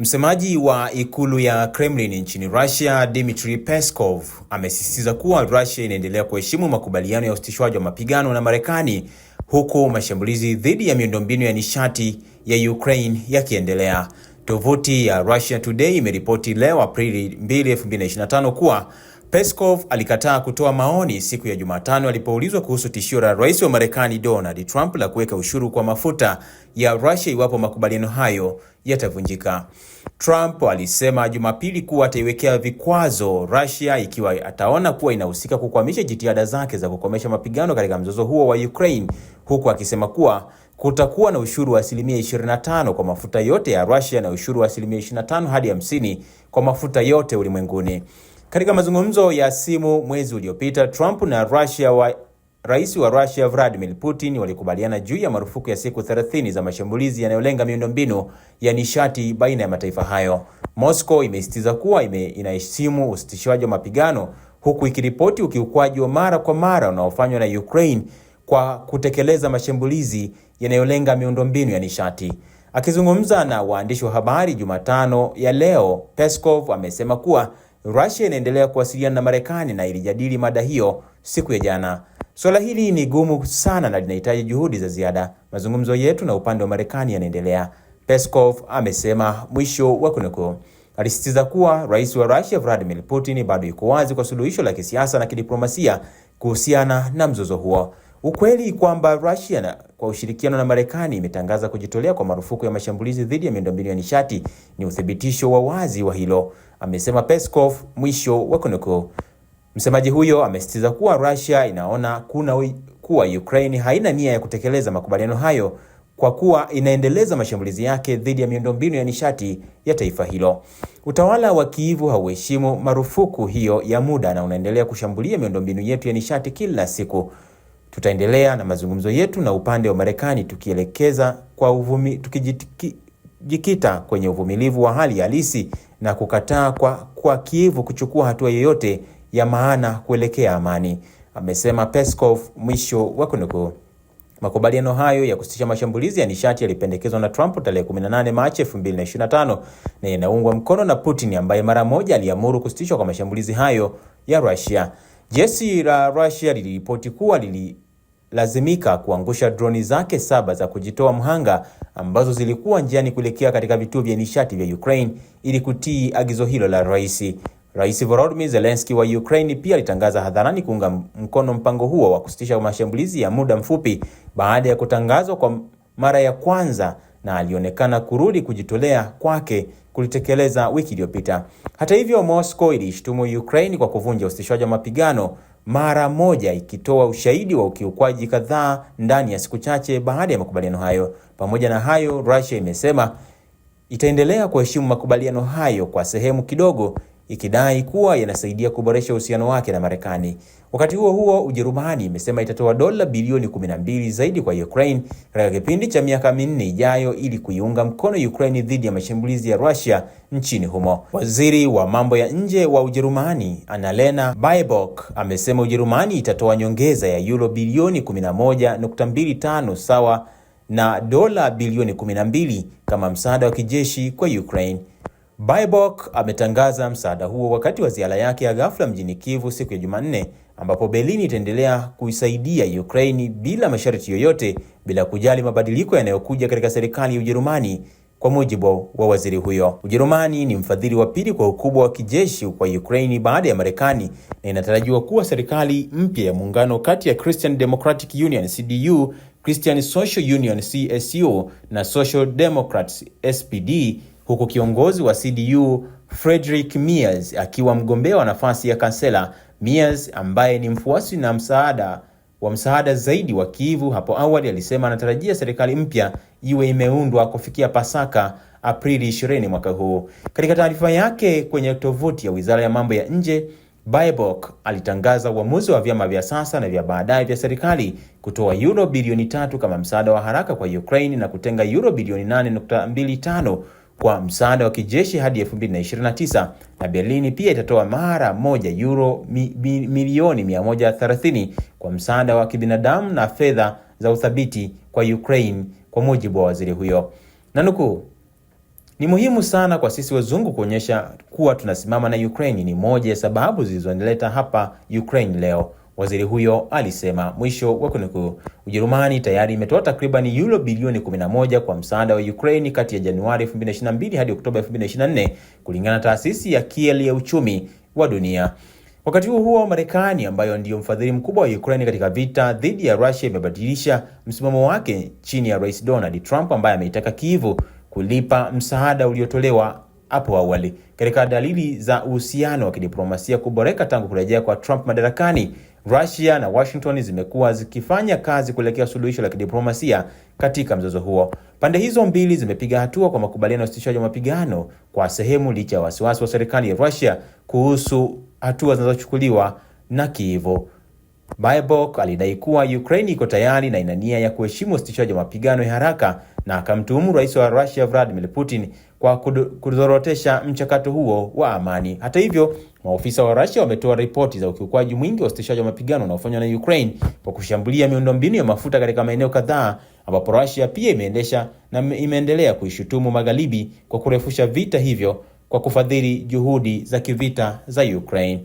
Msemaji wa ikulu ya Kremlin nchini Russia, Dmitry Peskov, amesisitiza kuwa Russia inaendelea kuheshimu makubaliano ya usitishwaji wa mapigano na Marekani huku mashambulizi dhidi ya miundombinu ya nishati ya Ukraine yakiendelea. Tovuti ya Russia Today imeripoti leo Aprili 2, 2025 kuwa Peskov alikataa kutoa maoni siku ya Jumatano alipoulizwa kuhusu tishio la Rais wa Marekani Donald Trump la kuweka ushuru kwa mafuta ya Russia iwapo makubaliano hayo yatavunjika. Trump alisema Jumapili kuwa ataiwekea vikwazo Russia ikiwa ataona kuwa inahusika kukwamisha jitihada zake za kukomesha mapigano katika mzozo huo wa Ukraine, huku akisema kuwa kutakuwa na ushuru wa asilimia 25 kwa mafuta yote ya Russia na ushuru wa asilimia 25 hadi 50 kwa mafuta yote ulimwenguni. Katika mazungumzo ya simu mwezi uliopita, Trump na Russia wa Rais wa Russia Vladimir Putin walikubaliana juu ya marufuku ya siku 30 za mashambulizi yanayolenga miundombinu ya nishati baina ya mataifa hayo. Moscow imesisitiza kuwa ime, inaheshimu usitishaji wa mapigano huku ikiripoti ukiukwaji wa mara kwa mara unaofanywa na Ukraine kwa kutekeleza mashambulizi yanayolenga miundombinu ya nishati. Akizungumza na waandishi wa habari Jumatano ya leo, Peskov amesema kuwa Russia inaendelea kuwasiliana na Marekani na ilijadili mada hiyo siku ya jana. Swala hili ni gumu sana na linahitaji juhudi za ziada. Mazungumzo yetu na upande wa Marekani yanaendelea, Peskov amesema, mwisho wa kunukuu. Alisisitiza kuwa rais wa Russia Vladimir Putin bado yuko wazi kwa suluhisho la kisiasa na kidiplomasia kuhusiana na mzozo huo. Ukweli kwamba Russia kwa ushirikiano na Marekani imetangaza kujitolea kwa marufuku ya mashambulizi dhidi ya miundombinu ya nishati ni uthibitisho wa wazi wa hilo, amesema Peskov, mwisho wa kunukuu. Msemaji huyo amesisitiza kuwa Russia inaona kuna kuwa Ukraine haina nia ya kutekeleza makubaliano hayo kwa kuwa inaendeleza mashambulizi yake dhidi ya miundombinu ya nishati ya taifa hilo. Utawala wa Kiev hauheshimu marufuku hiyo ya muda na unaendelea kushambulia miundombinu yetu ya nishati kila siku. Tutaendelea na mazungumzo yetu na upande wa Marekani tukielekeza kwa uvumi, tukijikita kwenye uvumilivu wa hali halisi na kukataa kwa, kwa Kievu kuchukua hatua yoyote ya maana kuelekea amani, amesema Peskov. Mwisho wa kunukuu. Makubaliano hayo ya kusitisha mashambulizi ya nishati yalipendekezwa na Trump tarehe 18 Machi 2025 na yanaungwa mkono na Putin ambaye mara moja aliamuru kusitishwa kwa mashambulizi hayo ya Russia. Jeshi la Russia liliripoti kuwa lililazimika kuangusha droni zake saba za kujitoa mhanga ambazo zilikuwa njiani kuelekea katika vituo vya nishati vya Ukraine ili kutii agizo hilo la rais. Rais Volodymyr Zelensky wa Ukraine pia alitangaza hadharani kuunga mkono mpango huo wa kusitisha mashambulizi ya muda mfupi baada ya kutangazwa kwa mara ya kwanza na alionekana kurudi kujitolea kwake kulitekeleza wiki iliyopita. Hata hivyo, Moscow ilishtumu Ukraine kwa kuvunja usitishwaji wa mapigano mara moja, ikitoa ushahidi wa ukiukwaji kadhaa ndani ya siku chache baada ya makubaliano hayo. Pamoja na hayo, Russia imesema itaendelea kuheshimu makubaliano hayo kwa sehemu kidogo ikidai kuwa yanasaidia kuboresha uhusiano wake na Marekani. Wakati huo huo, Ujerumani imesema itatoa dola bilioni 12 zaidi kwa Ukraine katika kipindi cha miaka minne ijayo ili kuiunga mkono Ukraine dhidi ya mashambulizi ya Russia nchini humo. Waziri wa mambo ya nje wa Ujerumani, Annalena Baerbock, amesema Ujerumani itatoa nyongeza ya euro bilioni 11.25 sawa na dola bilioni 12 kama msaada wa kijeshi kwa Ukraine. Baibok ametangaza msaada huo wakati wa ziara yake ya ghafla mjini Kivu siku ya Jumanne, ambapo Berlin itaendelea kuisaidia Ukraini bila masharti yoyote, bila kujali mabadiliko yanayokuja katika serikali ya Ujerumani. Kwa mujibu wa waziri huyo, Ujerumani ni mfadhili wa pili kwa ukubwa wa kijeshi kwa Ukraini baada ya Marekani, na inatarajiwa kuwa serikali mpya ya muungano kati ya Christian Democratic Union CDU, Christian Social Union CSU na Social Democrats SPD huku kiongozi wa CDU Friedrich Merz akiwa mgombea wa nafasi ya kansela. Merz ambaye ni mfuasi na msaada wa msaada zaidi wa kivu hapo awali alisema anatarajia serikali mpya iwe imeundwa kufikia Pasaka Aprili 20 mwaka huu. Katika taarifa yake kwenye tovuti ya Wizara ya Mambo ya Nje, Baerbock alitangaza uamuzi wa vyama vya sasa na vya baadaye vya serikali kutoa euro bilioni tatu kama msaada wa haraka kwa Ukraine na kutenga euro bilioni 8.25 kwa msaada wa kijeshi hadi 2029 na Berlin pia itatoa mara moja euro mi, mi, milioni 130 kwa msaada wa kibinadamu na fedha za uthabiti kwa Ukraine, kwa mujibu wa waziri huyo, nanuku ni muhimu sana kwa sisi wazungu kuonyesha kuwa tunasimama na Ukraine. Ni moja ya sababu zilizonileta hapa Ukraine leo waziri huyo alisema, mwisho wa kunukuu. Ujerumani tayari imetoa takriban euro bilioni 11 kwa msaada wa Ukraine kati ya Januari 2022 hadi Oktoba 2024 kulingana na taasisi ya Kiel ya uchumi wa dunia. Wakati huo huo, Marekani ambayo ndiyo mfadhili mkubwa wa Ukraine katika vita dhidi ya Russia imebadilisha msimamo wake chini ya Rais Donald Trump ambaye ameitaka kivu kulipa msaada uliotolewa hapo awali katika dalili za uhusiano wa kidiplomasia kuboreka tangu kurejea kwa Trump madarakani. Russia na Washington zimekuwa zikifanya kazi kuelekea suluhisho la kidiplomasia katika mzozo huo. Pande hizo mbili zimepiga hatua kwa makubaliano ya usitishaji wa mapigano kwa sehemu, licha ya wasiwasi wa serikali ya Russia kuhusu hatua zinazochukuliwa na Kiev. Baerbock alidai kuwa Ukraine iko tayari na ina nia ya kuheshimu usitishaji wa mapigano ya haraka na akamtuhumu Rais wa Russia Vladimir Putin kwa kudorotesha mchakato huo wa amani. Hata hivyo, maofisa wa Russia wametoa ripoti za ukiukwaji mwingi wa usitishaji wa mapigano unaofanywa na Ukraine kwa kushambulia miundombinu ya mafuta katika maeneo kadhaa, ambapo Russia pia imeendesha na imeendelea kuishutumu Magharibi kwa kurefusha vita hivyo kwa kufadhili juhudi za kivita za Ukraine.